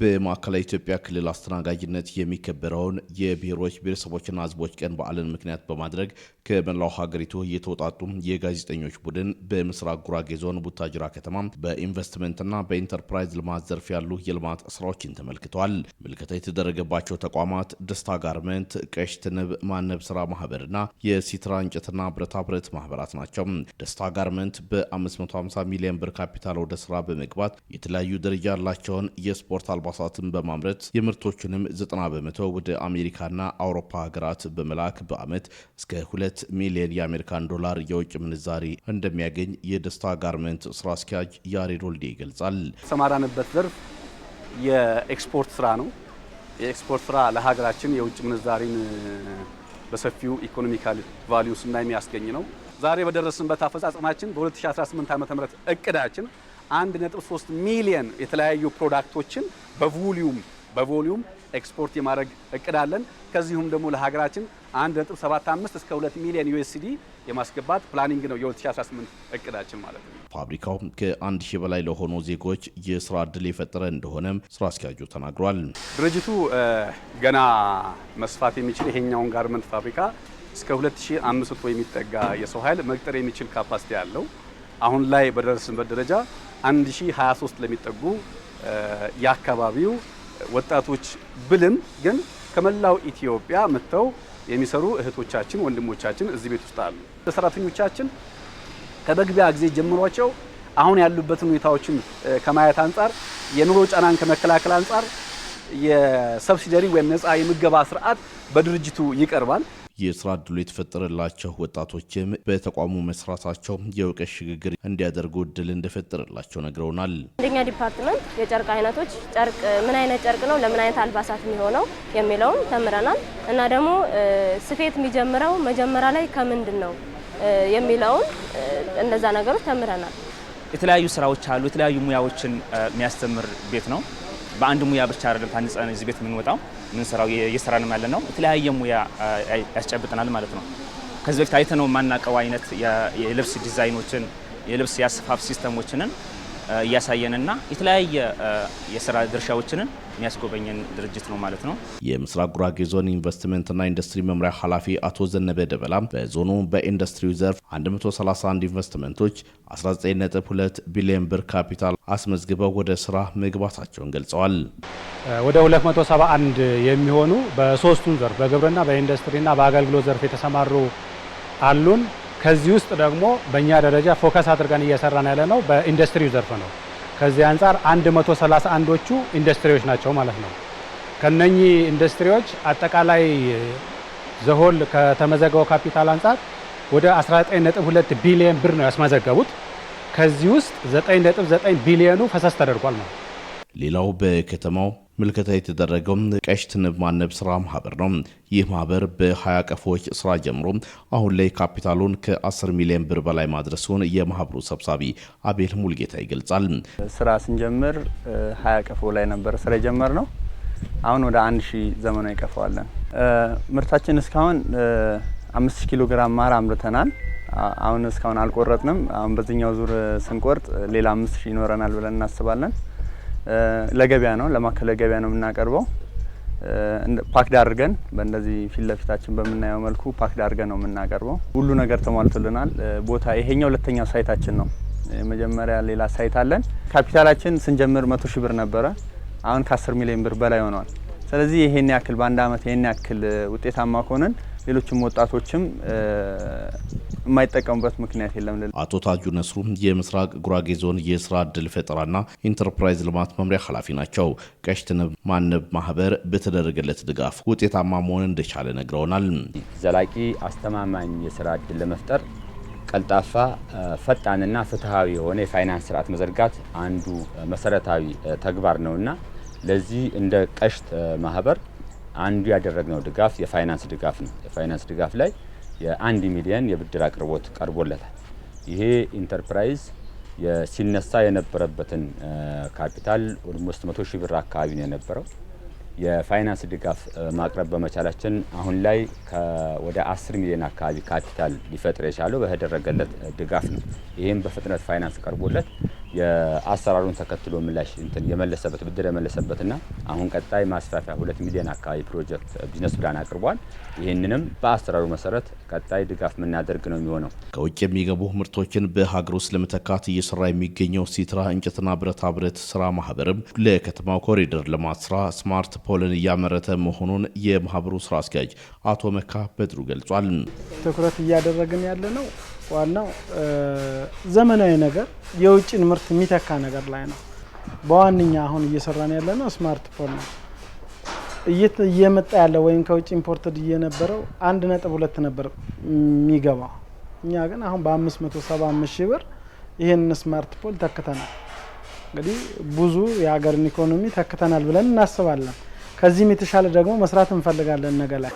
በማዕከላዊ ኢትዮጵያ ክልል አስተናጋጅነት የሚከበረውን የብሔሮች ብሔረሰቦችና ሕዝቦች ቀን በዓልን ምክንያት በማድረግ ከመላው ሀገሪቱ የተውጣጡ የጋዜጠኞች ቡድን በምስራቅ ጉራጌ ዞን ቡታጅራ ከተማ በኢንቨስትመንትና በኢንተርፕራይዝ ልማት ዘርፍ ያሉ የልማት ስራዎችን ተመልክተዋል። ምልከታ የተደረገባቸው ተቋማት ደስታ ጋርመንት፣ ቀሽት ንብ ማነብ ስራ ማህበርና የሲትራ እንጨትና ብረታ ብረት ማህበራት ናቸው። ደስታ ጋርመንት በ550 ሚሊዮን ብር ካፒታል ወደ ስራ በመግባት የተለያዩ ደረጃ ያላቸውን የስፖርት አልባሳትን በማምረት የምርቶቹንም ዘጠና በመቶ ወደ አሜሪካና አውሮፓ ሀገራት በመላክ በአመት እስከ 2 ሚሊዮን የአሜሪካን ዶላር የውጭ ምንዛሪ እንደሚያገኝ የደስታ ጋርመንት ስራ አስኪያጅ ያሬድ ወልዴ ይገልጻል። የተሰማራንበት ዘርፍ የኤክስፖርት ስራ ነው። የኤክስፖርት ስራ ለሀገራችን የውጭ ምንዛሪን በሰፊው ኢኮኖሚካል ቫሊዩ እና የሚያስገኝ ነው። ዛሬ በደረስንበት አፈጻጸማችን በ2018 ዓ ም እቅዳችን አንድ ነጥብ ሶስት ሚሊየን የተለያዩ ፕሮዳክቶችን በቮሊዩም በቮሊዩም ኤክስፖርት የማድረግ እቅድ አለን። ከዚሁም ደግሞ ለሀገራችን አምስት እስከ ሁለት ሚሊዮን ዩኤስዲ የማስገባት ፕላኒንግ ነው የ2018 እቅዳችን ማለት ነው። ፋብሪካው ከአንድ ሺህ በላይ ለሆኑ ዜጎች የስራ እድል የፈጠረ እንደሆነም ስራ አስኪያጁ ተናግሯል። ድርጅቱ ገና መስፋት የሚችል ይሄኛውን ጋርመንት ፋብሪካ እስከ 2500 የሚጠጋ የሰው ኃይል መቅጠር የሚችል ካፓሲቲ አለው። አሁን ላይ በደረስንበት ደረጃ 1023 ለሚጠጉ የአካባቢው ወጣቶች ብልም ግን ከመላው ኢትዮጵያ መጥተው የሚሰሩ እህቶቻችን፣ ወንድሞቻችን እዚህ ቤት ውስጥ አሉ። ሰራተኞቻችን ከመግቢያ ጊዜ ጀምሯቸው አሁን ያሉበትን ሁኔታዎችን ከማየት አንጻር የኑሮ ጫናን ከመከላከል አንጻር የሰብሲደሪ ወይም ነፃ የምገባ ስርዓት በድርጅቱ ይቀርባል። የስራ እድሉ የተፈጠረላቸው ወጣቶችም በተቋሙ መስራታቸው የእውቀት ሽግግር እንዲያደርጉ እድል እንደፈጠረላቸው ነግረውናል። አንደኛ ዲፓርትመንት የጨርቅ አይነቶች፣ ጨርቅ ምን አይነት ጨርቅ ነው ለምን አይነት አልባሳት የሚሆነው የሚለውን ተምረናል እና ደግሞ ስፌት የሚጀምረው መጀመሪያ ላይ ከምንድን ነው የሚለውን እነዛ ነገሮች ተምረናል። የተለያዩ ስራዎች አሉ። የተለያዩ ሙያዎችን የሚያስተምር ቤት ነው። በአንድ ሙያ ብቻ አይደለም ታንጸን እዚህ ቤት የምንወጣው የምንሰራው እየሰራንም ያለ ነው። የተለያየ ሙያ ያስጨብጠናል ማለት ነው። ከዚህ በፊት አይተነው የማናውቀው አይነት የልብስ ዲዛይኖችን፣ የልብስ የአሰፋፍ ሲስተሞችንን እያሳየንና የተለያየ የስራ ድርሻዎችንን የሚያስጎበኘን ድርጅት ነው ማለት ነው። የምስራቅ ጉራጌ ዞን ኢንቨስትመንትና ኢንዱስትሪ መምሪያ ኃላፊ አቶ ዘነበ ደበላ በዞኑ በኢንዱስትሪው ዘርፍ 131 ኢንቨስትመንቶች 19.2 ቢሊዮን ብር ካፒታል አስመዝግበው ወደ ስራ መግባታቸውን ገልጸዋል። ወደ 271 የሚሆኑ በሶስቱም ዘርፍ በግብርና፣ በኢንዱስትሪና በአገልግሎት ዘርፍ የተሰማሩ አሉን። ከዚህ ውስጥ ደግሞ በእኛ ደረጃ ፎከስ አድርገን እየሰራን ያለ ነው በኢንዱስትሪው ዘርፍ ነው። ከዚህ አንጻር 131ዎቹ ኢንዱስትሪዎች ናቸው ማለት ነው። ከነኚህ ኢንዱስትሪዎች አጠቃላይ ዘሆል ከተመዘገበው ካፒታል አንጻር ወደ 19.2 ቢሊዮን ብር ነው ያስመዘገቡት። ከዚህ ውስጥ 9.9 ቢሊዮኑ ፈሰስ ተደርጓል ነው። ሌላው በከተማው ምልከታ የተደረገው ቀሽ ትንብ ማነብ ስራ ማህበር ነው። ይህ ማህበር በሀያ ቀፎዎች ስራ ጀምሮ አሁን ላይ ካፒታሉን ከ10 ሚሊዮን ብር በላይ ማድረሱን የማህበሩ ሰብሳቢ አቤል ሙልጌታ ይገልጻል። ስራ ስንጀምር ሀያ ቀፎ ላይ ነበር ስራ የጀመር ነው። አሁን ወደ አንድ ሺህ ዘመናዊ ቀፎ አለን። ምርታችን እስካሁን አምስት ኪሎ ግራም ማር አምርተናል። አሁን እስካሁን አልቆረጥንም። አሁን በዚህኛው ዙር ስንቆርጥ ሌላ አምስት ይኖረናል ብለን እናስባለን። ለገበያ ነው ለማዕከላዊ ገበያ ነው የምናቀርበው። ፓክድ አድርገን በእንደዚህ ፊት ለፊታችን በምናየው መልኩ ፓክድ አድርገን ነው የምናቀርበው። ሁሉ ነገር ተሟልቶልናል። ቦታ ይሄኛው ሁለተኛው ሳይታችን ነው። መጀመሪያ ሌላ ሳይት አለን። ካፒታላችን ስንጀምር መቶ ሺህ ብር ነበረ። አሁን ከ10 ሚሊዮን ብር በላይ ሆኗል። ስለዚህ ይሄን ያክል በአንድ አመት ይሄን ያክል ውጤታማ ከሆነን ሌሎችም ወጣቶችም የማይጠቀሙበት ምክንያት የለም። አቶ ታጁ ነስሩ የምስራቅ ጉራጌ ዞን የስራ እድል ፈጠራና ኢንተርፕራይዝ ልማት መምሪያ ኃላፊ ናቸው። ቀሽትንብ ማነብ ማህበር በተደረገለት ድጋፍ ውጤታማ መሆን እንደቻለ ነግረውናል። ዘላቂ አስተማማኝ የስራ እድል ለመፍጠር ቀልጣፋ፣ ፈጣንና ፍትሐዊ የሆነ የፋይናንስ ስርዓት መዘርጋት አንዱ መሰረታዊ ተግባር ነውና ለዚህ እንደ ቀሽት ማህበር አንዱ ያደረግነው ድጋፍ የፋይናንስ ድጋፍ ነው። የፋይናንስ ድጋፍ ላይ የአንድ ሚሊየን የብድር አቅርቦት ቀርቦለታል። ይሄ ኢንተርፕራይዝ ሲነሳ የነበረበትን ካፒታል ኦልሞስት መቶ ሺህ ብር አካባቢ ነው የነበረው። የፋይናንስ ድጋፍ ማቅረብ በመቻላችን አሁን ላይ ወደ አስር ሚሊዮን አካባቢ ካፒታል ሊፈጥር የቻለው በተደረገለት ድጋፍ ነው። ይህም በፍጥነት ፋይናንስ ቀርቦለት የአሰራሩን ተከትሎ ምላሽ እንትን የመለሰበት ብድር የመለሰበትና አሁን ቀጣይ ማስፋፊያ ሁለት ሚሊዮን አካባቢ ፕሮጀክት ቢዝነስ ፕላን አቅርቧል። ይህንንም በአሰራሩ መሰረት ቀጣይ ድጋፍ የምናደርግ ነው የሚሆነው። ከውጭ የሚገቡ ምርቶችን በሀገር ውስጥ ለመተካት እየሰራ የሚገኘው ሲትራ እንጨትና ብረታ ብረት ስራ ማህበርም ለከተማው ኮሪደር ልማት ስራ ስማርት ፖልን እያመረተ መሆኑን የማህበሩ ስራ አስኪያጅ አቶ መካ በድሩ ገልጿል። ትኩረት እያደረግን ያለ ነው ዋናው ዘመናዊ ነገር የውጭን ምርት የሚተካ ነገር ላይ ነው። በዋነኛ አሁን እየሰራን ያለ ነው ስማርት ፎን ነው እየመጣ ያለ ወይም ከውጭ ኢምፖርትድ እየነበረው አንድ ነጥብ ሁለት ነበር የሚገባው። እኛ ግን አሁን በአምስት መቶ ሰባ አምስት ሺህ ብር ይህንን ስማርትፎን ተክተናል። እንግዲህ ብዙ የሀገርን ኢኮኖሚ ተክተናል ብለን እናስባለን። ከዚህም የተሻለ ደግሞ መስራት እንፈልጋለን ነገ ላይ